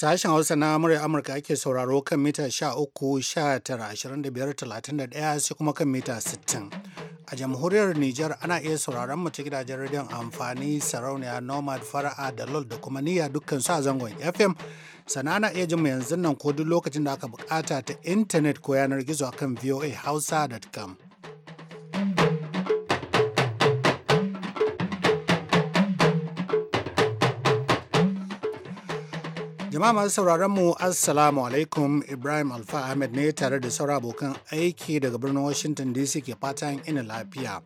Sashen Hausa na murya Amurka ake sauraro kan mita 13 25 31 sai kuma kan mita 60. A jamhuriyar Nijar ana iya sauraron mu ta gidajen rediyon amfani sarauniya Nomad Fara'a da LOL da kuma niyya dukkan su a zangon FM. Sana ana iya jin mu yanzu nan ko duk lokacin da aka bukata ta intanet ko yanar gizo akan voahausa.com. Jama'a masu sauraron mu Assalamu alaikum Ibrahim Alfa Ahmed ne tare da sauran abokan aiki daga birnin Washington DC ke fatan ina lafiya.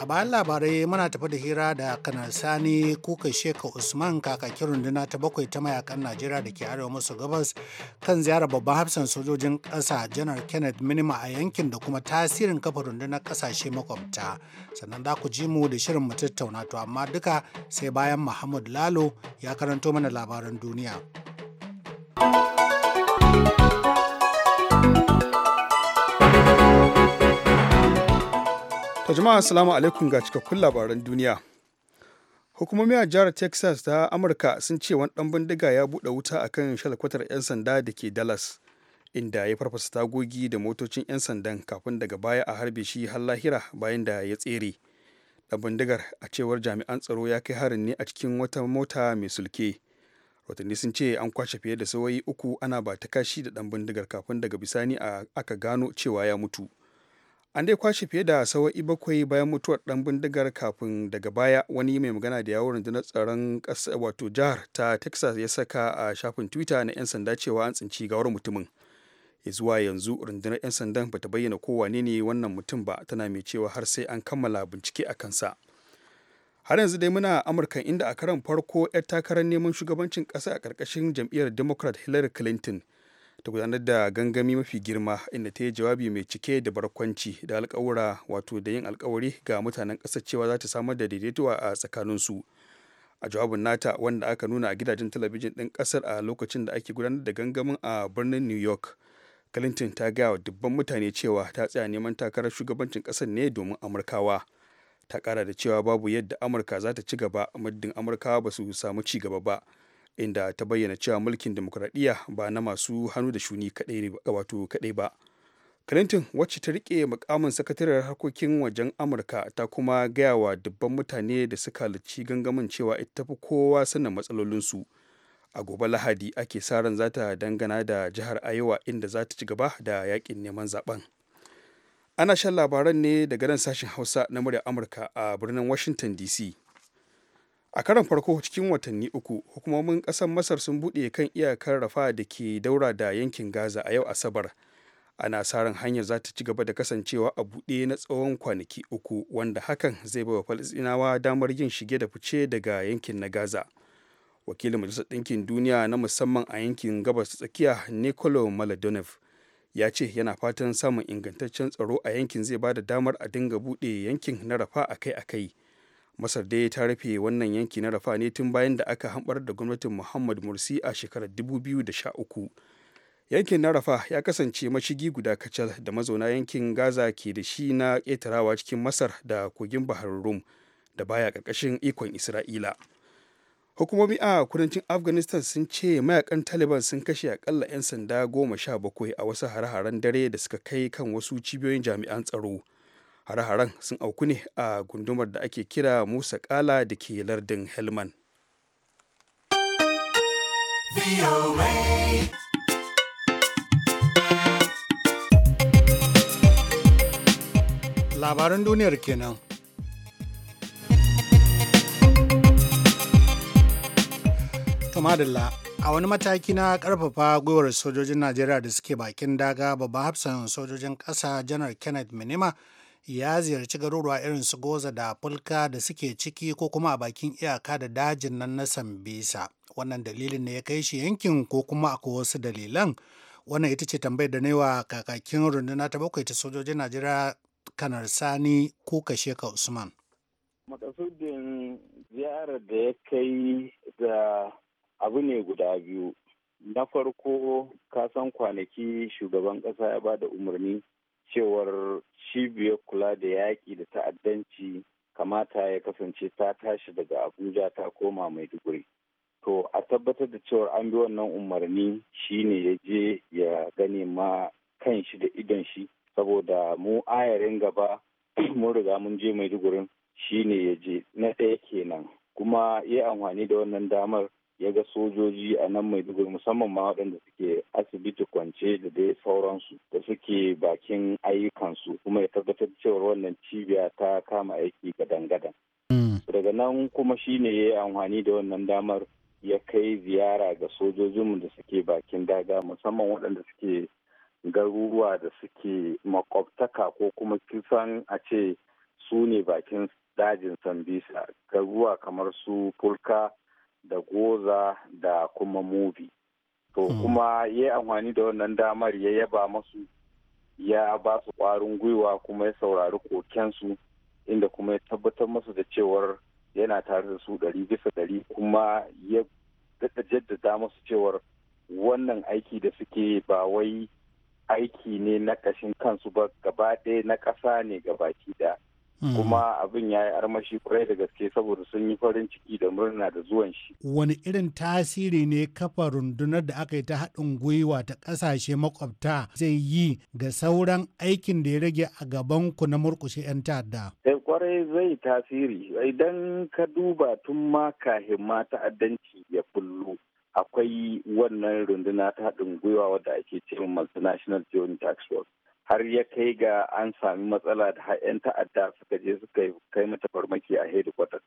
A bayan labarai muna tafi da hira da kanar sani kuka sheka Usman kakakin runduna ta bakwai ta mayakan Najeriya da ke arewa maso gabas kan ziyarar babban hafsan sojojin ƙasa janar Kenneth Minima a yankin da kuma tasirin kafa rundunar ƙasashe makwabta. Sannan za ku ji mu da shirin mu tattauna to amma duka sai bayan Muhammad Lalo ya karanto mana labaran duniya. jama'a Salamu alaikum ga cikakkun labaran duniya hukumomi a jihar texas ta amurka sun ce wani dan bindiga ya buɗe wuta a akan shalkwatar 'yan sanda da ke dallas inda ya farfasa tagogi da motocin 'yan sandan kafin daga baya a harbe shi har lahira bayan da ya tsere dan bindigar a cewar jami'an tsaro ya kai harin ne a cikin wata mota mai sulke watanni sun ce an kwashe fiye da sawayi uku ana ba ta kashi da dan bindigar kafin daga bisani a aka gano cewa ya mutu an dai kwashe fiye da sawa'i bakwai bayan mutuwar ɗan bindigar kafin daga baya wani mai magana da yawon rundunar tsaron ƙasa wato jihar ta texas ya saka a shafin twitter na 'yan sanda cewa an tsinci gawar mutumin ya zuwa yanzu rundunar 'yan sandan bata bayyana ko wane ne wannan mutum ba tana mai cewa har sai an kammala bincike a kansa. har yanzu dai muna amurka inda a karan farko 'yar takarar neman shugabancin ƙasa a ƙarƙashin jam'iyyar democrat hillary clinton ta gudanar da gangami mafi girma inda ta yi jawabi mai cike da barkwanci da alkawura wato da yin alkawari ga mutanen ƙasar cewa za ta samar da daidaituwa a tsakaninsu a jawabin nata wanda aka nuna a gidajen talabijin ɗin ƙasar a lokacin da ake gudanar da gangamin a birnin new york clinton ta gaya wa dubban mutane cewa ta tsaya neman takarar shugabancin ƙasar ne domin amurkawa ta kara da cewa babu yadda amurka za ta ci gaba muddin amurka ba su samu ci gaba ba inda ta bayyana cewa mulkin demokuraɗiyya ba na masu hannu da shuni kaɗai kaɗai ba clinton wacce ta rike mukamin sakataren harkokin wajen amurka ta kuma gaya wa dubban mutane da suka halarci gangamin cewa ita fi kowa sanin matsalolinsu a gobe lahadi ake sa ran za ta dangana da jihar iowa inda za ta ci gaba da yakin neman zaben ana shan labaran ne daga nan sashen hausa na murya amurka a birnin washington dc a karan farko cikin watanni uku hukumomin kasar masar sun buɗe kan iyakar rafa da ke daura da yankin gaza a yau asabar ana sa ran hanyar za ta ci gaba da kasancewa a buɗe na tsawon kwanaki uku wanda hakan zai baiwa falastinawa damar yin shige da fice daga yankin na gaza wakilin majalisar ɗinkin duniya na musamman a yankin gabas tsakiya nicolo maladonov ya ce yana fatan samun ingantaccen tsaro a yankin zai ba da damar a dinga buɗe yankin na rafa akai-akai masar dai ta rufe wannan yanki na rafa ne tun bayan da aka hambar da gwamnatin muhammad mursi a shekarar 2013 yankin na rafa ya kasance mashigi guda kacal da mazauna yankin gaza ke da shi na ƙetarawa cikin masar da kogin bahar rum da baya ƙarƙashin ikon isra'ila hukumomi a kudancin afghanistan sun ce mayakan taliban sun kashe akalla 'yan sanda goma sha bakwai a wasu hare-haren dare da suka kai kan wasu cibiyoyin jami'an tsaro hare-haren sun auku ne a gundumar da ake kira musa kala da ke lardin helman labaran duniyar kenan madalla a wani mataki na karfafa gwiwar sojojin najeriya da suke bakin daga babban hafsan sojojin kasa janar kenneth minima ya ziyarci garuruwa irin su goza da fulka da suke ciki ko kuma a bakin iyaka da dajin nan na sambisa wannan dalilin ne ya kai shi yankin ko kuma akwai wasu dalilan wannan ita ce tambayar da naiwa kakakin runduna ta bakwai ta sojojin najeriya kanar sani ko kashe ka usman makasudin ziyarar da ya kai da abu ne guda biyu na farko kasan kwanaki shugaban kasa ya bada umarni cewar cibiyar kula da yaƙi da ta'addanci kamata ya kasance ta tashi daga abuja ta koma maiduguri to a tabbatar da cewar an bi wannan umarni shine ya je ya gane ma kan shi da idon shi saboda mu ayarin gaba mun riga mun je shi shine ya je na ɗaya kenan kuma ya amfani da wannan damar ya ga sojoji a nan mai dubu musamman ma waɗanda suke asibiti kwance da dai sauransu da suke bakin ayyukansu kuma ya tabbatar cewa wannan cibiya ta kama aiki gadan-gadan hmm. daga nan kuma shine ya yi amfani da wannan damar ya kai ziyara ga sojojinmu da suke bakin daga musamman waɗanda suke garuruwa da suke makwabtaka ko kuma kisan a ce su ne bakin dajin sambisa garuruwa kamar su fulka da goza da kuma movie to hmm. kuma ya yi amfani da wannan damar ya yaba masu ya ba su kwarin gwiwa kuma ya saurari kokensu inda kuma ya tabbatar masu da cewar yana tare da su ɗari bisa ɗari kuma ya jaddada masu cewar wannan aiki da suke ba wai aiki ne na ƙashin kansu ba gaba ɗaya na ƙasa ne gabaki ɗaya Mm. kuma abin ya yi armashi kwarai da gaske saboda sun yi farin ciki da murna da zuwan shi. Wani irin tasiri ne kafa rundunar da aka yi ta haɗin gwiwa ta ƙasashe makwabta zai yi ga sauran aikin da ya rage a gaban ku na murƙushe 'yan ta'adda? Sai eh, kwarai zai tasiri idan ka duba tun ma kahin ma ta'addanci ya kullu. Akwai wannan runduna ta haɗin gwiwa wadda ake ce Multinational Joint Tax Force. har ya kai ga an sami matsala da 'yan ta'adda suka je suka kai mata farmaki a hedikwatar.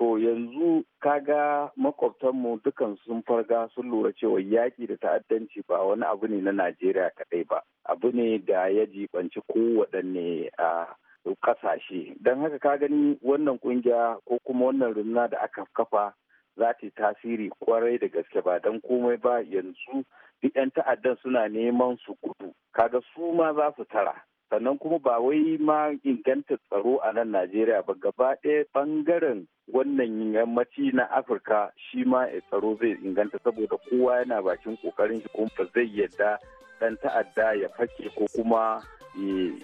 To yanzu kaga makwabtanmu dukan sun farga sun lura cewa yaƙi da ta'addanci ba wani abu ne na Najeriya kaɗai ba. Abu ne da ya jibanci kowaɗanne a ƙasashe. Don haka ka gani wannan ƙungiya ko kuma wannan runa da aka kafa za ta yi tasiri kwarai da gaske ba don komai ba yanzu duk 'yan ta'addan suna neman su kudu kaga su ma za su tara sannan kuma ba wai ma inganta tsaro a nan najeriya ba gaba ɗaya ɓangaren wannan yammaci na afirka shi ma tsaro zai inganta saboda kowa yana bakin kokarin shi kuma zai yadda ɗan ta'adda ya fake ko kuma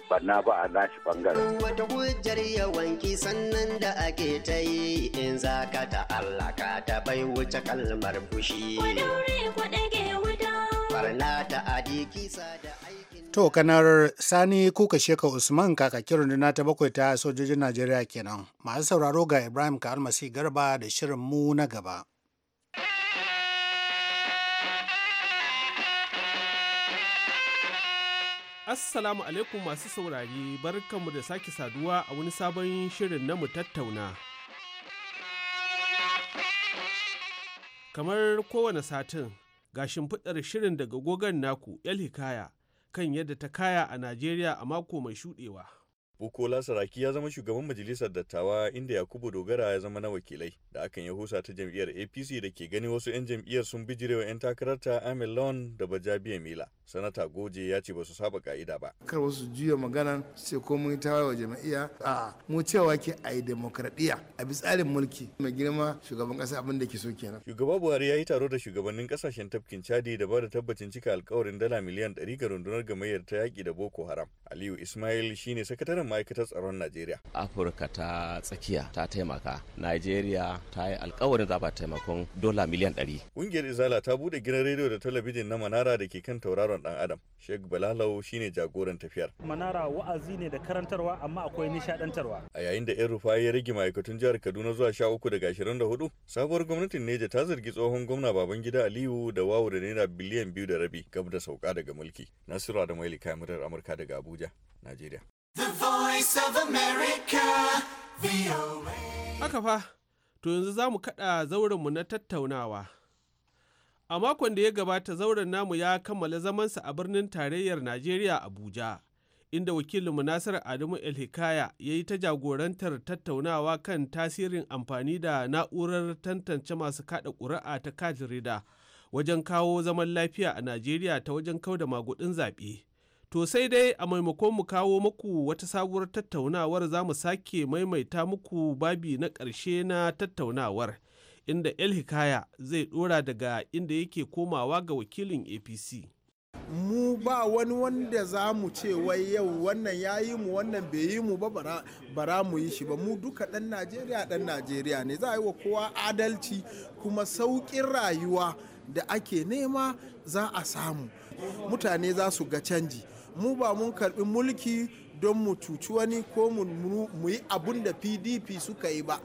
banna ba a nashi bangaren. Wata ya wanki sannan da ake ta yi in zaka ta Allah ta bai wuce kalmar fushi. daure to kanar sani kuka sheka usman kaka kakakin na ta bakwai ta sojojin najeriya kenan masu sauraro ga ibrahim ka almasi garba da shirin mu na gaba Assalamu alaikum masu saurari barkanmu da sake saduwa a wani sabon shirin na mu tattauna. Kamar kowane satin, ga shimfiɗar shirin daga gogon naku 'yar hikaya kan yadda ta kaya a Najeriya a mako mai shuɗewa. Bukola Saraki ya zama shugaban majalisar dattawa inda Yakubu Dogara ya zama na wakilai da akan ya husa ta jam'iyyar APC da ke gani wasu 'yan jam'iyyar sun bijirewa 'yan takararta Amil Lawan da Bajabiya Mila. Sanata Goje ya ce ba su saba ka'ida ba. Kar wasu juya magana sai ko mun ta wa jam'iyya a mu cewa ke a yi demokradiyya a bi tsarin mulki mai girma shugaban kasa abin da ke so kenan. Shugaba Buhari ya yi taro da shugabannin kasashen tafkin Chadi da ba da tabbacin cika alƙawarin dala miliyan 100 ga rundunar gamayyar ta yaki da Boko Haram. Aliyu Ismail shine sakataren ma'aikatar tsaron najeriya afirka ta tsakiya ta taimaka najeriya ta yi alkawarin za taimakon dola miliyan ɗari. ƙungiyar izala ta bude gidan rediyo da talabijin na manara da ke kan tauraron dan adam sheikh balalau shine jagoran tafiyar manara wa'azi ne da karantarwa amma akwai nishadantarwa a yayin da yan rufa ya rage ma'aikatun jihar kaduna zuwa sha uku daga ashirin da hudu sabuwar gwamnatin neja ta zargi tsohon gwamna babangida aliyu da wawu da naira biliyan biyu da rabi gab da sauka daga mulki nasiru da maili amurka daga abuja najeriya Voice Haka fa, to yanzu za mu kaɗa zaurenmu na tattaunawa. A makon da ya gabata zauren namu ya kammala zamansa a birnin tarayyar Najeriya Abuja, inda Wakilin Nasir Adamu El-Hikaya ya yi ta jagorantar tattaunawa kan tasirin amfani da na'urar tantance masu kaɗa ƙuri'a ta kajirida wajen kawo zaman lafiya a Najeriya ta wajen kau da zaɓe. To sai dai a maimakon mu kawo muku wata sabuwar tattaunawar za mu sake maimaita muku babi na ƙarshe na tattaunawar inda El Hikaya zai ɗora daga inda yake komawa ga wakilin APC. mu ba wani wanda za mu ce wai yau wannan ya yi mu wannan bai yi mu ba bara mu yi shi ba mu duka ɗan najeriya ɗan najeriya ne za a yi wa kowa adalci kuma sauƙin rayuwa da ake nema za a samu mutane za su ga canji mu ba mun karbi mulki don mu cuci wani ko mu yi abun da pdp suka yi ba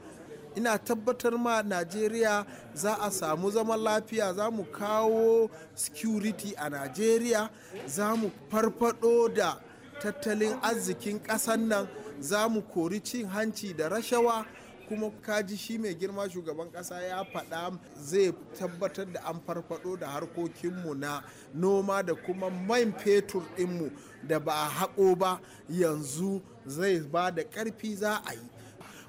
ina tabbatar ma najeriya za a samu zaman lafiya za mu kawo security a najeriya za mu farfado da tattalin arzikin ƙasan nan za mu kori cin hanci da rashawa kuma kaji shi mai girma shugaban kasa ya faɗa zai tabbatar da an farfado da harkokinmu na noma da kuma man fetur ɗinmu da ba a haƙo ba yanzu zai ba da ƙarfi za a yi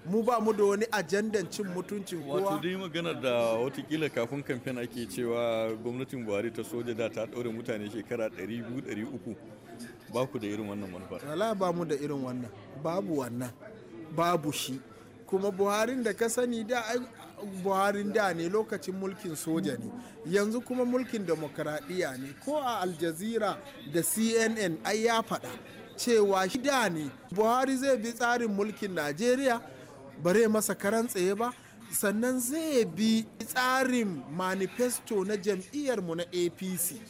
mu ba mu da wani ajandan cin mutuncin kowa wato dai magana da watakila kafin kamfen ake cewa gwamnatin buhari ta soja da ta ɗaure mutane shekara 200-300 ba ku da irin wannan manufar wala ba mu da irin wannan babu wannan babu shi kuma buharin da ka sani da buharin da ne lokacin mulkin soja ne yanzu kuma mulkin demokradiyya ne ko a aljazira da cnn ai ya faɗa cewa shi da ne buhari zai bi tsarin mulkin najeriya bare masa karan tsaye ba sannan zai bi tsarin manifesto na jam'iyyarmu na apc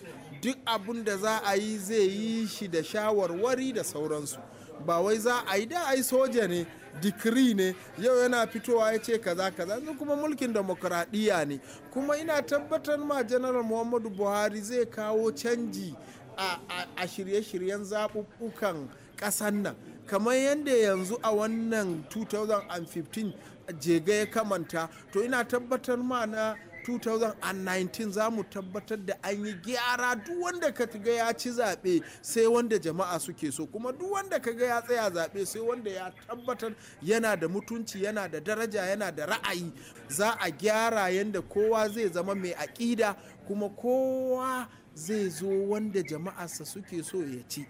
duk abun da za a yi zai yi shi da shawarwari da sauransu ba wai za a yi da ai soja ne dikiri ne yau yana fitowa ya ce kaza kaza yanzu kuma mulkin demokuraɗiyya ne kuma ina tabbatar ma janar muhammadu buhari zai kawo canji a, shirye-shiryen zaɓuɓɓukan ƙasan nan kamar yadda yanzu a wannan 2015 jega ya kamanta to ina tabbatar ma na 2019 za mu tabbatar da an yi gyara duk wanda ka ga ya ci zaɓe sai wanda jama'a suke so kuma duk wanda ka ga ya tsaya zaɓe sai wanda ya tabbatar yana da mutunci yana da daraja yana da ra'ayi za a gyara yadda kowa zai zama mai aƙida kuma kowa zai zo wanda jama'arsa suke so ya ci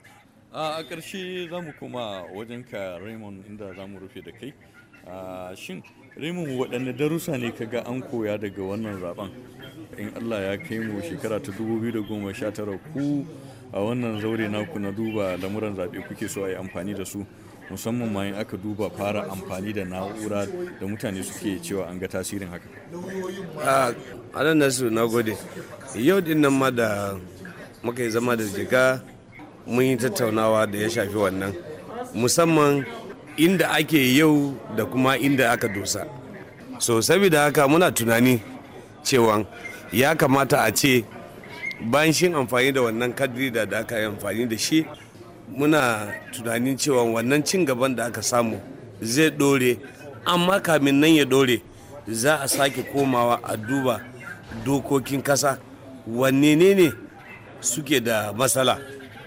a ƙarshe za mu kuma wajenka raymond inda za mu rufe da kai shin Raymond waɗanne darussa ne kaga an koya daga wannan zaben in Allah ya kai mu shekara ta 2019 ku a wannan zaure naku na duba lamuran zaɓe kuke so a yi amfani da su musamman ma in aka duba fara amfani da na'ura da mutane suke cewa an ga tasirin haka a nan nasu na gode yau din nan ma da muka yi zama da jiga mun yi tattaunawa da ya shafi wannan musamman inda ake yau da kuma inda aka dosa so saboda haka muna tunani cewa ya kamata a ce bayan shi amfani da wannan kadiri da aka yi amfani da shi muna tunanin cewa wannan cin gaban da aka samu zai dore amma kamin nan ya dore za a sake komawa a duba dokokin kasa wanne ne ne suke da matsala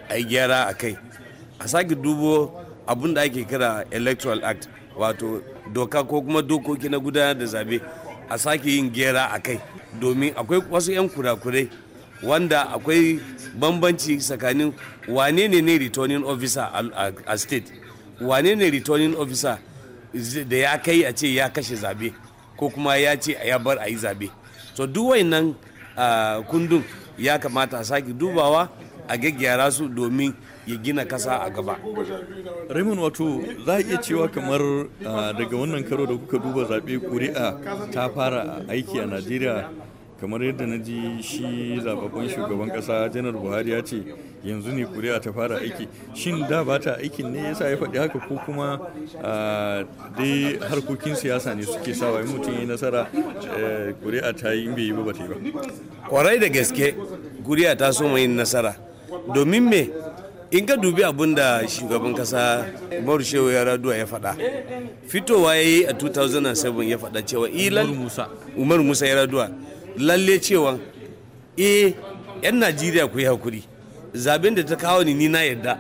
a gyara a kai a sake dubo abun da ake kira electoral act wato doka ko kuma dokoki na gudanar da zabe a sake yin gera a kai domin akwai wasu 'yan kurakurai wanda akwai bambanci tsakanin wane ne ne returning officer a state wane ne returning officer da ya kai a ce ya kashe zabe ko kuma ya ce ya bar a yi zabe so duwai nan ah, kundun ya kamata a sake dubawa a gaggyara su domin ya gina kasa a gaba raymond wato za a iya cewa kamar ah, daga wannan karo da kuka duba zaɓe kuri'a ta fara aiki a najeriya kamar yadda na ji shi zaɓaɓɓen shugaban kasa janar buhari ya ce yanzu ne kuri'a ta fara aiki shin da ba ta aikin ne yasa ya faɗi haka ko kuma ah, dai harkokin siyasa ne suke sa sawa mutum ya nasara kuri'a eh, ta yi in bai yi ba ta yi ba kwarai da gaske kuri'a ta so yin nasara domin me in ka dubi abin da shugaban kasa umaru shehu ya raduwa ya fada fitowa ya yi a 2007 ya fada cewa umaru musa ya raduwa lalle cewa e yan najeriya ku yi hakuri zaben da ta kawo ni na yadda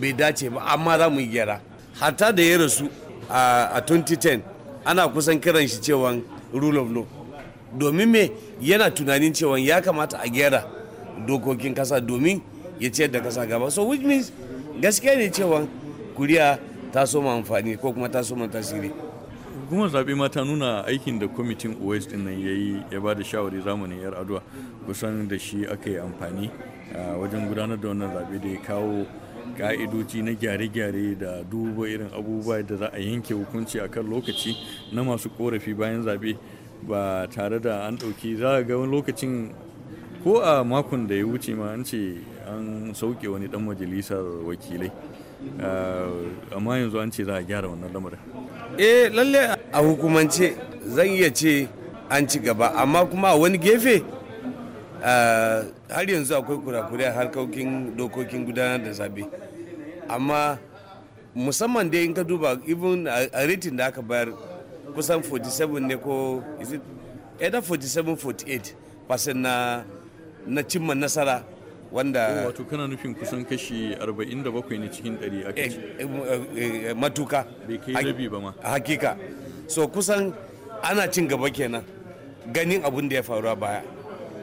bai dace ba amma za mu yi gyara hata da ya rasu a 2010 ana kusan kiran shi cewa rule of law domin me yana tunanin cewa ya kamata a gyara dokokin kasa domin ya ciyar da kasa gaba so which means gaskiya ne cewa kuriya ta soma amfani ko kuma ta soma tasiri hukumar zaɓe ma ta nuna aikin da kwamitin os din nan ya yi ya ba da shawari zamanin yar adua kusan da shi aka yi amfani wajen gudanar da wannan zaɓe da ya kawo ka'idoci na gyare-gyare da duba irin abubuwa da za a yanke hukunci a kan lokaci na masu korafi bayan zaɓe ba tare da an ɗauki za a ga wani lokacin ko a makon da ya wuce ma an ce an sauke wani dan majalisar wakilai ah, amma yanzu an ce za a gyara wannan lamarin eh lalle a hukumance zan iya ce an ci gaba amma kuma wani gefe ah, har yanzu akwai kurakurai harkokin dokokin gudanar da zabe amma musamman dai in ka duba even a ritin da aka bayar kusan 47 ne ko is 47 48 percent na na cimma nasara wanda eh, wato kana nufin kusan kashi 47 ne cikin 100 a eh, eh, matuka rabi ba ma hakika so kusan ana cin gaba kenan ganin abin da ya faru a baya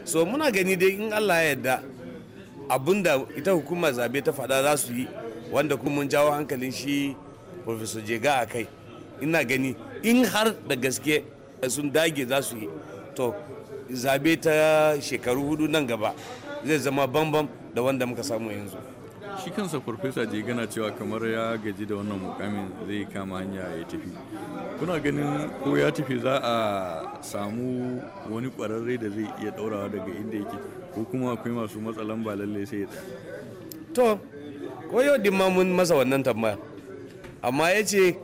so muna gani dai in Allah ya yarda abin da ita hukumar zabe ta faɗa za su yi wanda kuma mun jawo hankalin shi professor jega a kai ina gani in har da gaske sun dage za su yi to zabe ta shekaru hudu nan gaba zai zama bambam da wanda muka samu yanzu shi kansa farfesa je gana cewa kamar ya gaji da wannan mukamin zai kama hanya ya tafi kuna ganin ko ya tafi za a samu wani kwararre da zai iya daurawa daga inda yake ko kuma akwai masu matsalan ba lalle sai ya tsaya to ko yau dimma mun masa wannan tambaya amma ya ce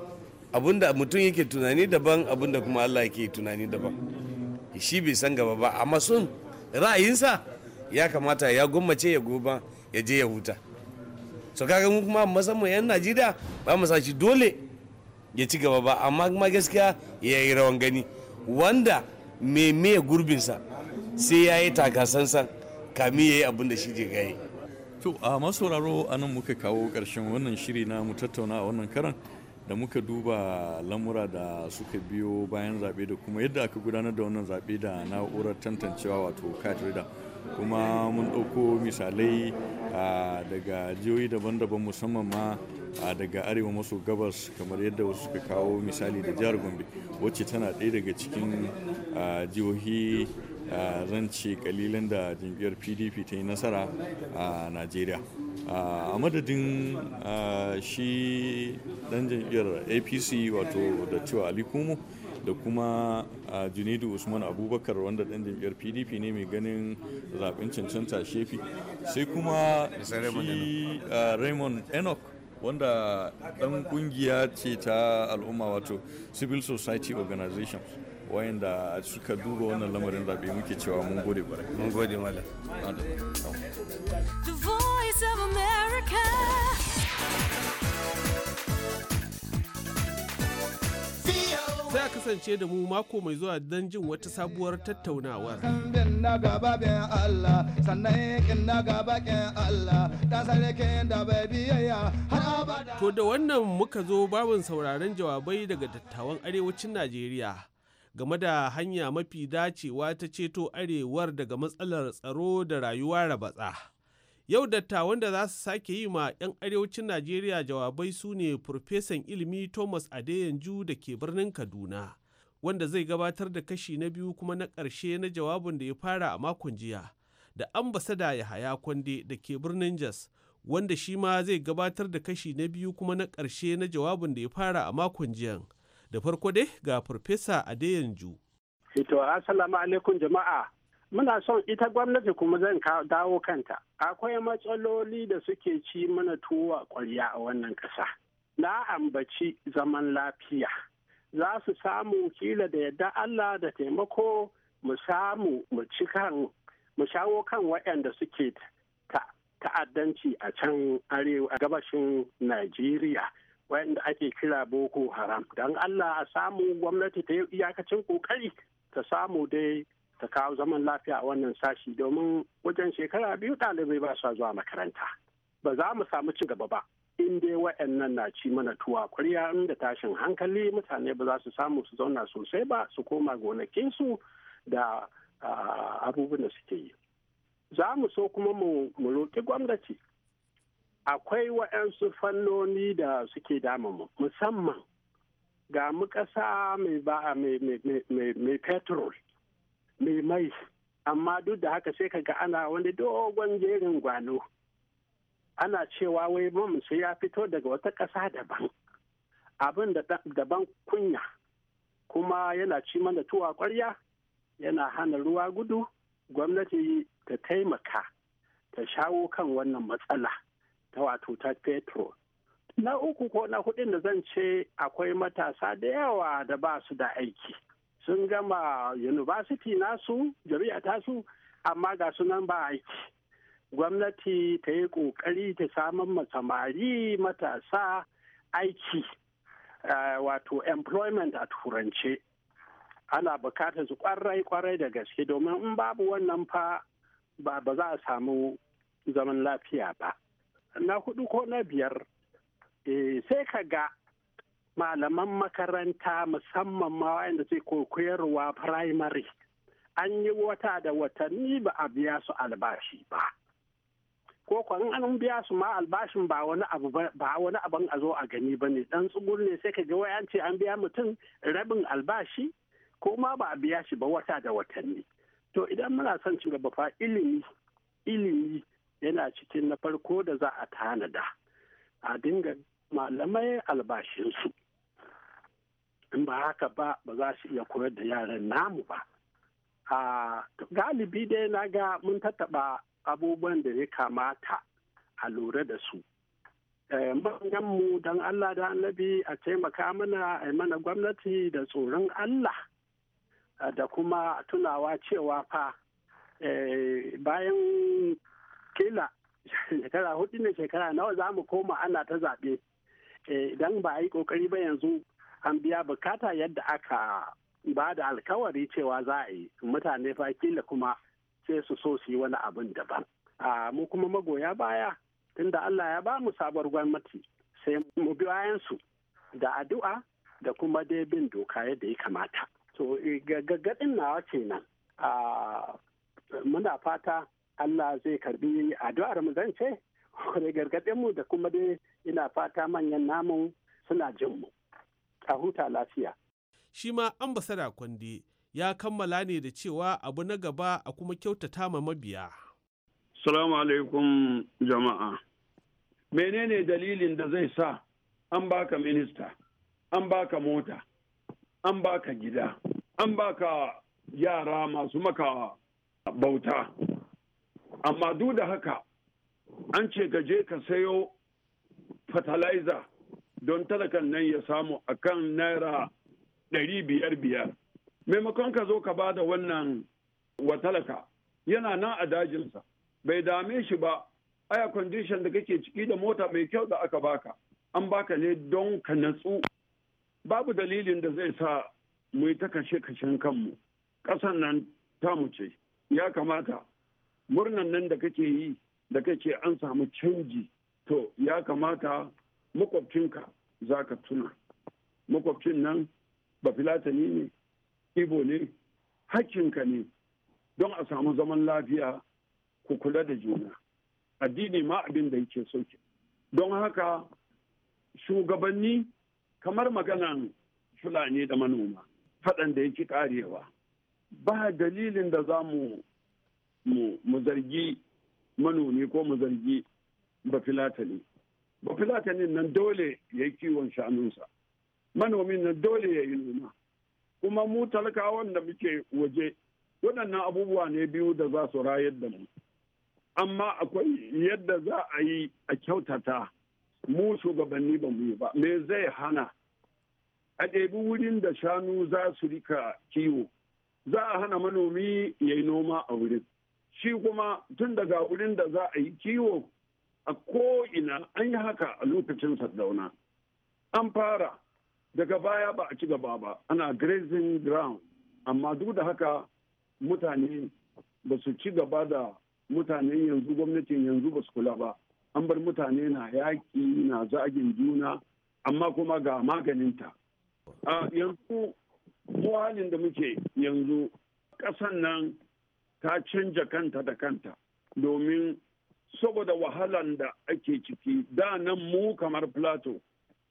abinda mutum yake tunani daban abinda kuma allah yake tunani daban shi bai san gaba ba amma sun ra'ayinsa ya kamata ya gwammace ya goma ya je ya huta so kaga mu kuma musamman yan najeriya ba mu shi dole ya ci gaba ba amma kuma gaskiya ya yi rawan gani wanda me gurbinsa sai ya yi takasansa kami ya yi abin da shi je gaye to a masauraro anan muka kawo ƙarshen wannan shiri na mu tattauna a wannan karan da muka duba lamura da suka biyo bayan zaɓe da kuma yadda aka gudanar da wannan zaɓe da na'urar tantancewa wato card kuma mun ɗauko misalai daga jihohi daban-daban musamman ma daga arewa maso gabas kamar yadda wasu suka kawo misali da jihar gombe wacce tana ɗaya daga cikin jihohi zan ce kalilan da jam'iyyar pdp ta yi nasara a najeriya a madadin shi dan jam'iyyar apc wato da cewa ali kumu da kuma junaidu usman abubakar wanda dan jam'iyyar pdp ne mai ganin zaben cancanta shefi sai kuma shi raymond enoch wanda dan kungiya ce ta al'umma wato civil society organizations wayanda suka duba wannan lamarin zaɓe muke cewa mun gode bare. Mun gode mala The Voice of America. Sai a kasance da mu mako mai zuwa don jin wata sabuwar tattaunawar. na gaba bin Allah, sannan yakin na gaba Allah, da bai biyayya har To da wannan muka zo babin sauraron jawabai daga dattawan arewacin Najeriya. game da hanya mafi dacewa ta ceto arewar daga matsalar tsaro da rayuwa rabatsa. Yau dattawan da za su sake yi ma 'yan arewacin Najeriya jawabai su ne Farfesan ilimi Thomas Adeyanju da ke birnin Kaduna, wanda zai gabatar da kashi na biyu kuma na ƙarshe na jawabin da ya fara a makon jiya, da ambasada Yahaya Kwande da ke birnin Jos, wanda shi ma zai gabatar da kashi na biyu kuma na ƙarshe na jawabin da ya fara a makon jiyan. da farko dai ga farfesa adeyanju to assalamu alaikum jama'a muna son ita gwamnati kuma zan dawo kanta akwai matsaloli da suke ci mana tuwa kwarya a wannan ƙasa na ambaci zaman lafiya za su samu kila da yadda allah da taimako mu samu mu mu shawo kan waɗanda suke ta'addanci a can arewa gabashin najeriya wanda ake kira boko haram don allah a samu gwamnati ta yi iyakacin kokari ta samu dai ta kawo zaman lafiya a wannan sashi domin wajen shekara biyu ɗalibai ba sa zuwa makaranta ba za mu samu ci gaba ba in dai wa'annan na ci mana tuwa kwarya da tashin hankali mutane ba za su samu su zauna sosai ba su koma gonakinsu da ah, abubuwan da suke yi za mu so kuma mu roƙi gwamnati akwai waɗansu fannoni da suke mu musamman ga mu ƙasa mai petrol mai mai amma duk da haka sai ka ga ana wani dogon jerin gwano ana cewa wai mamu sai ya fito daga wata ƙasa daban abin da daban kunya kuma yana ci mana tuwa ƙwarya yana hana ruwa gudu gwamnati ta taimaka ta shawo kan wannan matsala ta wato ta petro na uku ko na hudun da zan ce akwai matasa da yawa da ba su da aiki sun gama university nasu jami'a tasu amma ga sunan ba aiki gwamnati ta yi kokari ta samun masamari matasa aiki wato employment a turance ana bukatar su kwarai kwarai da gaske domin in babu wannan fa ba za a samu zaman lafiya ba na hudu ko na biyar eh, sai ka ga malaman makaranta musamman ma wa'anda sai koyarwa primary an yi wata da watanni ba a biya su albashi ba ko kwan an biya su ma albashin ba wani abu ba wani abin a zo a gani ba ne dan tsugur ne sai ka ga wai an ce an biya mutum rabin albashi ko ma ba a biya shi ba wata da watanni to idan muna son cin gaba fa ilimi ilimi yana cikin na farko da za a tanada a dinga malamai albashinsu in ba haka ba ba za su iya koyar da yaran namu ba a galibi dai na ga mun tattaba abubuwan da ya kamata a lura da su eh, mu don Allah da annabi a taimaka mana a mana gwamnati da tsoron Allah eh, da kuma tunawa cewa fa eh, bayan kila shekara hudu ne shekara nawa za mu koma ana ta zaɓe eh, idan ba a yi ƙoƙari ba yanzu an biya bukata yadda aka ba da alkawari cewa za a yi mutane fa kila kuma sai su so su yi wani abin daban a ah, mu kuma magoya baya tunda Allah ya ba mu sabuwar gwamnati sai mu bi bayansu da addu'a da kuma dai bin doka yadda ya kamata to eh, gaggadin nawa kenan a ah, muna fata Allah zai karbi addu'ar mu zan ce da gargaɗin mu da kuma dai ina fata manyan namun suna jin mu a huta lafiya shi ma ambasada kwande ya kammala ne da cewa abu na gaba a kuma kyautata ma mabiya salamu alaikum jama'a menene dalilin da zai sa an baka minista an baka mota an baka gida an baka yara masu maka bauta amma duk da haka an ce ka je ka sayo fertilizer don talakan nan ya samu a kan naira ɗari biyar biyar maimakon ka zo ka ba da wannan wa talaka yana nan a dajinsa bai dame shi ba aya condition da kake ciki da mota mai kyau da aka baka an baka ne don ka natsu babu dalilin da zai sa mu yi ta kashe kashen kanmu ƙasan nan tamu ce ya kamata murnan nan da kake yi da kake an samu canji to ya kamata makwabcinka za ka tuna makwabcin nan ba bafilatani ne ibo ne hakkinka ne don a samu zaman lafiya ku kula da juna addini ma abin da yake so don haka shugabanni kamar maganan fulani da manoma faɗan da yake karewa ba dalilin da za mu mu zargi manomi ko mu zargi bafilatani bafilatanin nan dole ya yi kiwon shanunsa manomin nan dole ya yi noma kuma mu talakawan da muke waje waɗannan abubuwa ne biyu da za su rayar da mu amma akwai yadda za a yi a kyautata mu shugabanni ba mu yi ba me zai hana a ɗebi wurin da shanu za su rika kiwo za a hana manomi ya yi noma a wurin shi kuma tun daga wurin da za a yi kiwo a ko'ina an yi haka a lokacin sardauna an fara daga baya ba a ci gaba ba ana grazing ground amma duk da haka mutane ba su ci gaba da mutane yanzu gwamnatin yanzu ba su kula ba an bar mutane na yaƙi na zagin juna amma kuma ga maganinta a yanzu halin da muke yanzu ƙasan nan ta canja kanta da kanta domin saboda wahalan da ake ciki da nan mu kamar plato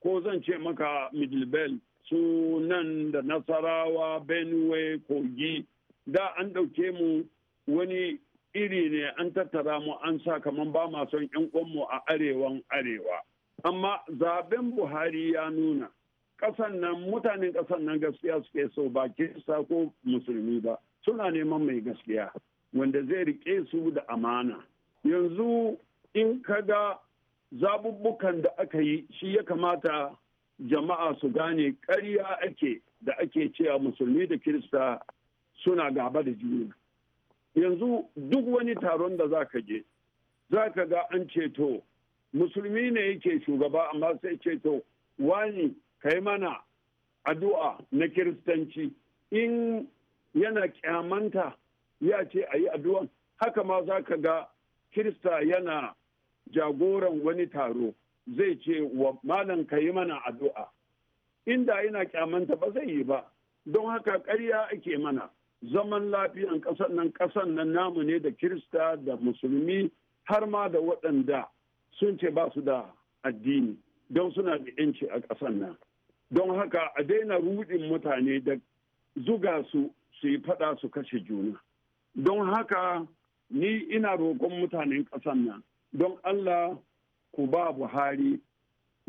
ko zan ce maka middle su nan da nasarawa benue kogi da an ɗauke mu wani iri ne an tattara mu an sa kamar ba ma son yan mu a arewan arewa amma zaben buhari ya nuna ƙasan nan mutanen ƙasan nan gaskiya suke so ba kisa ko musulmi ba suna neman mai gaskiya wanda zai rike su da amana yanzu in kaga zabubbukan da aka yi shi ya kamata jama'a su gane karya ake da ake cewa musulmi da kirista suna gaba da juna yanzu duk wani taron da za ka je za ka ga an ceto musulmi ne yake shugaba amma sai ceto wani kai mana addu'a na kiristanci in yana kyamanta ya ce a yi addu'an haka ma za ka ga kirista yana jagoran wani taro zai ce wa malam ka yi mana addu'a inda yana kyamanta ba zai yi ba don haka karya ake mana zaman lafiyan ƙasan nan ƙasan nan namu ne da kirista da musulmi har ma da waɗanda sun ce ba su da addini don suna da yanci a ƙasan nan don haka a daina rudin mutane da zuga su su yi fada su kashe juna don haka ni ina roƙon mutanen ƙasan nan don allah ku ba buhari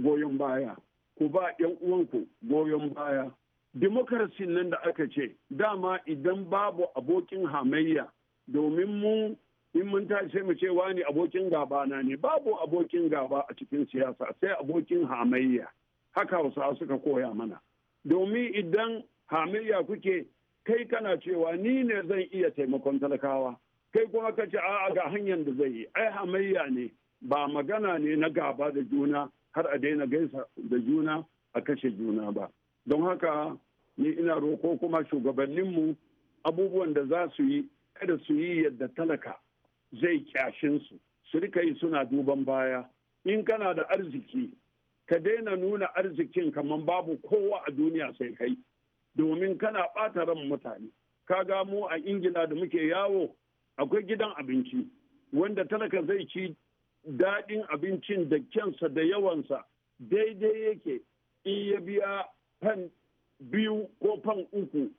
goyon baya ku ba 'yan uwanku goyon baya demokarasi nan da aka ce dama idan babu abokin hamayya domin mu in mun tashi mu ce wani abokin gaba na ne babu abokin gaba a cikin siyasa sai abokin hamayya haka wasu suka koya mana domin idan hamayya kuke kai kana cewa ni ne zan iya taimakon talakawa kai kuma ka ce a'a ga hanyar da zai yi ai hamayya ne ba magana ne na gaba da juna har a daina gaisa da juna a kashe juna ba don haka ni ina roko kuma shugabanninmu abubuwan da za su yi kada su yi yadda talaka zai kyashin su su rika yi suna duban baya in kana da arziki ka daina nuna arzikin kamar babu kowa a duniya sai kai domin kana ɓata ran mutane ka ga mu a ingila da muke yawo akwai gidan abinci wanda talaka zai ci daɗin abincin da kyansa da yawansa daidai yake in ya biya fan biyu ko fan uku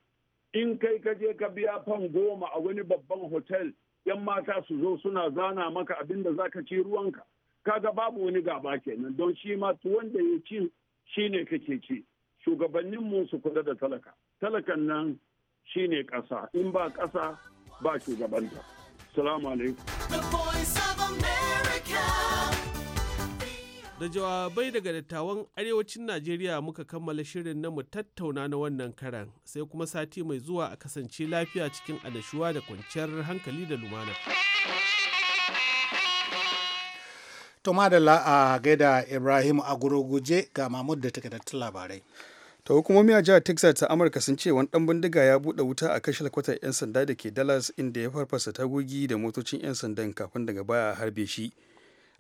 in kai ka je ka biya fan goma a wani babban hotel yan mata su zo suna zana maka abin da za ka ci ruwanka kaga babu wani gaba kenan don shi ma wanda ya ci shi ne kake ci shugabanninmu su kula da talaka talakan nan shine ƙasa in ba ƙasa ba shugabanta salamu alaikum da jawabai daga dattawan arewacin najeriya muka kammala shirin na mu tattauna na wannan karan sai kuma sati mai zuwa a kasance lafiya cikin alashuwa da kwanciyar hankali da lumana to madalla a gaida ibrahim a guje ga mamud da takardattun labarai ta hukumomi a jihar texas ta amurka sun ce wani dan bindiga ya bude wuta a kashe kwatar 'yan sanda da ke dallas inda ya farfasa tagogi da motocin 'yan sandan kafin daga baya a harbe shi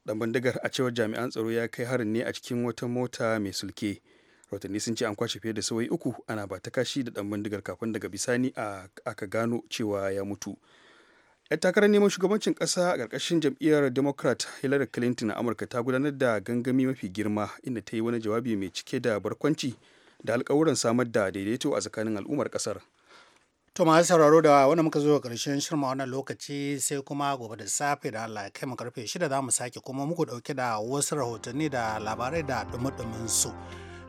dan bindigar a cewar jami'an tsaro ya kai harin ne a cikin wata mota mai sulke rahotanni sun ce an kwashe fiye da sauyi uku ana ba ta kashi da dan bindigar kafin daga bisani aka gano cewa ya mutu yan takarar neman shugabancin kasa a ƙarƙashin jam'iyyar democrat hillary clinton a amurka ta gudanar da gangami mafi girma inda ta yi wani jawabi mai cike da barkwanci da alkawuran samar da daidaito a tsakanin al'ummar kasar to masu sauraro da wanda muka zo karshen shirma wannan lokaci sai kuma gobe da safe da Allah kai mu karfe shida za mu sake kuma muku dauke da wasu rahotanni da labarai da dumi-dumin su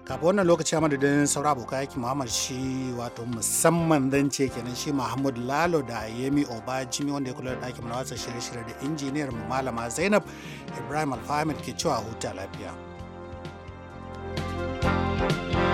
kafin wannan lokaci a madadin saura abokan aiki muhammad shi wato musamman dan ce kenan shi muhammad lalo da yemi jimi wanda ya kula da ɗakin na watsa shirye-shirye da injiniyar malama zainab ibrahim alfahamid ke cewa huta lafiya. thank you